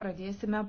pradėsime